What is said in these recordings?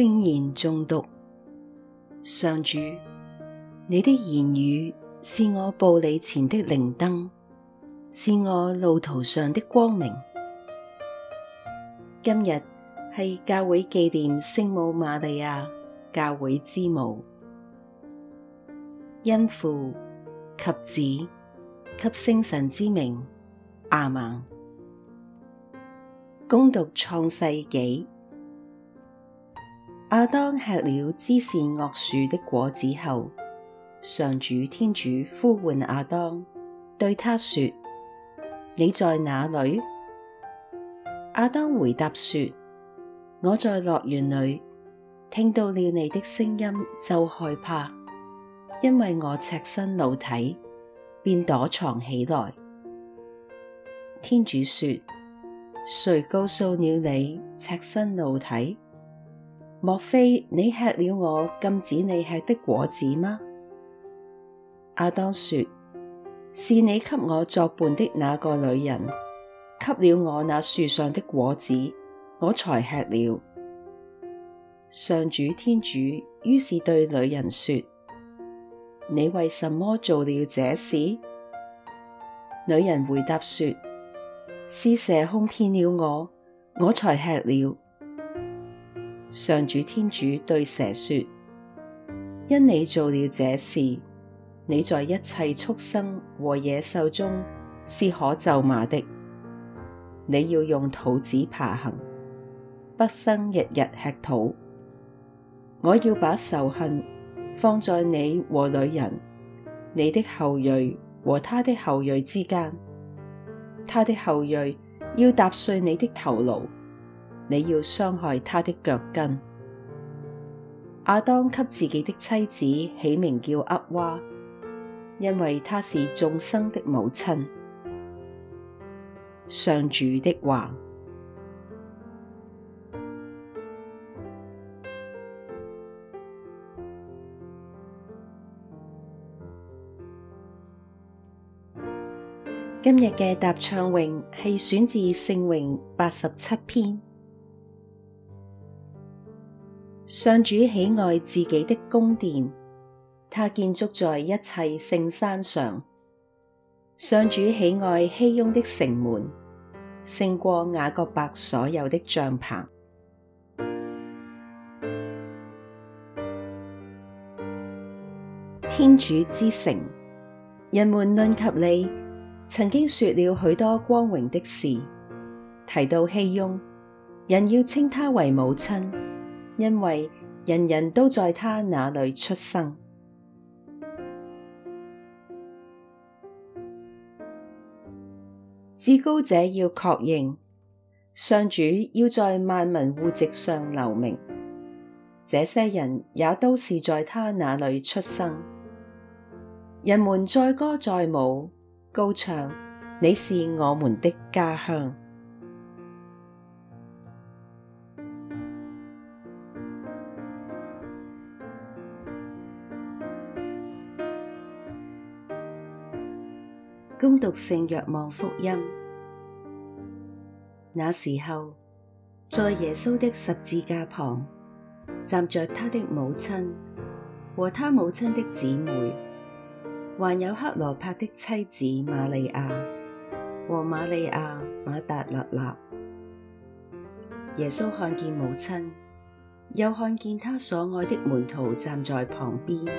聖言誦讀。上主，你的言語是我步履前的靈燈，是我路途上的光明。今日係教會紀念聖母瑪利亞，教會之母，因父及子及聖神之名阿門。恭讀創世紀。亞當吃了知善惡樹的果子後，上主天主呼喚亞當，對他說：你在哪裡？亞當回答說：我在樂園裡，聽到了你的聲音就害怕，因為我赤身露體，便躲藏起來。天主說：誰告訴了你赤身露體？莫非你吃了我禁止你吃的果子嗎？亞當說：是你給我作伴的那個女人，給了我那樹上的果子，我才吃了。上主天主於是對女人說：你為什麼做了這事？女人回答說：是蛇哄騙了我，我才吃了。上主天主對蛇說：因你做了這事，你在一切畜生和野獸中，是可咒罵的。你要用肚子爬行，畢生日日吃土。我要把仇恨放在你和女人，你的後裔和她的後裔之間，她的後裔要踏碎你的頭顱。你要傷害他的腳跟。亞當給自己的妻子起名叫厄娃，因為她是眾生的母親。上主的話：今日嘅答唱詠係選自聖詠八十七篇。上主喜愛自己的宮殿，他建築在一切聖山上。上主喜愛熙雍的城門，勝過雅各伯所有的帳棚。天主之城，人們論及你，曾經說了許多光榮的事，提到熙雍，人要稱他為母親。因為人人都在他那裏出生，至高者要確認，上主要在萬民戶籍上留名，這些人也都是在他那裏出生。人們載歌載舞，高唱：你是我們的家鄉。恭讀聖若望福音。那時候，在耶穌的十字架旁，站著他的母親和他母親的姊妹，還有克羅帕的妻子瑪利亞和瑪利亞瑪達肋納。耶穌看見母親，又看見他所愛的門徒站在旁邊，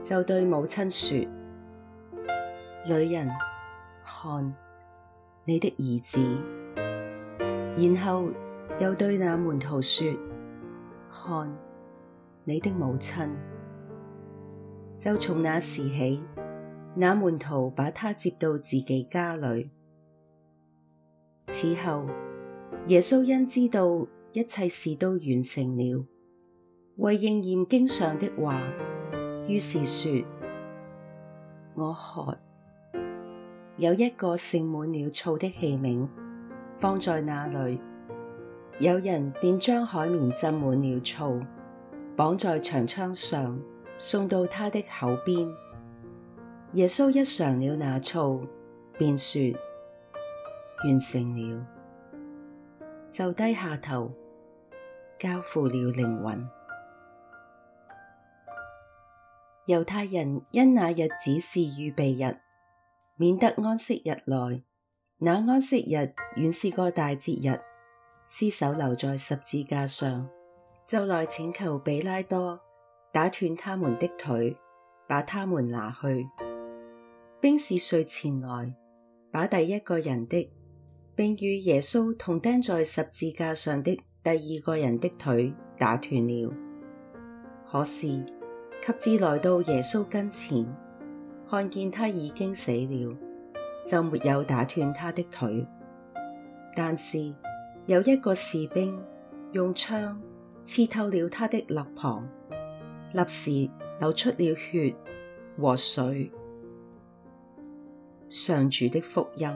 就對母親說：女人。看，你的兒子！然後又對那門徒說：看，你的母親！就從那時起，那門徒把他接到自己家裏。此後，耶穌因知道一切事都完成了，為應驗經上的話，於是說：我渴。有一個盛滿了醋的器皿放在那裡，有人便將海綿浸滿了醋，綁在長槍上，送到他的口邊。耶穌一嘗了那醋，便說：完成了，就低下頭，交付了靈魂。猶太人因那日子是預備日。免得安息日來，那安息日原是個大節日，屍首留在十字架上，就來請求比拉多，打斷他們的腿，把他們拿去。兵士遂前來，把第一個人的，並與耶穌同釘在十字架上的第二個人的腿打斷了。可是，及至來到耶穌跟前。看見他已經死了，就沒有打斷他的腿。但是有一個士兵用槍刺透了他的肋膀，立時流出了血和水。上主的福音。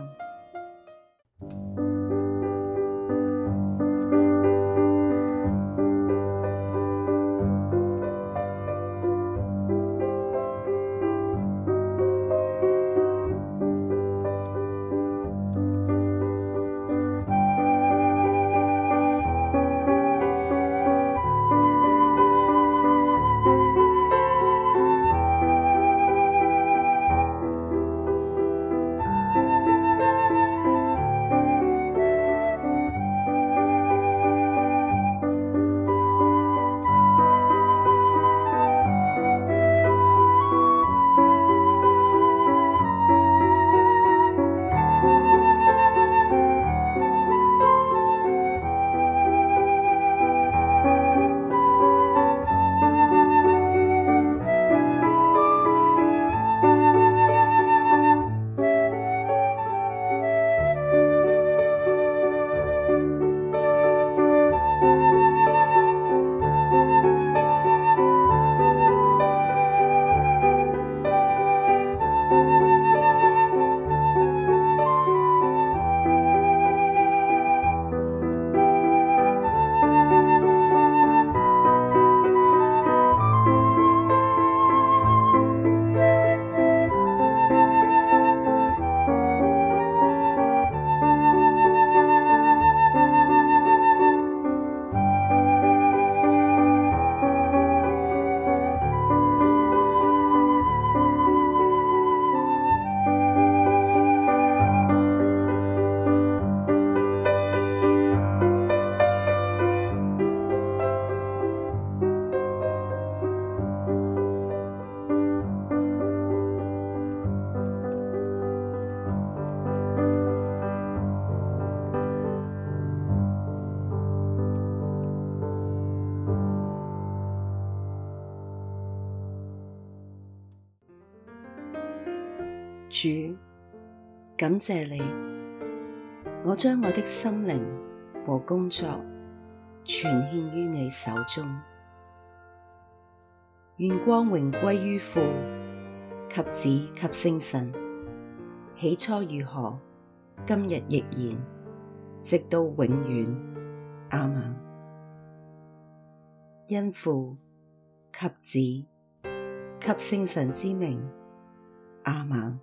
主，感謝你，我將我的心靈和工作全獻於你手中。願光榮歸於父、及子、及聖神。起初如何，今日亦然，直到永遠。阿們，因父、及子、及聖神之名。阿們。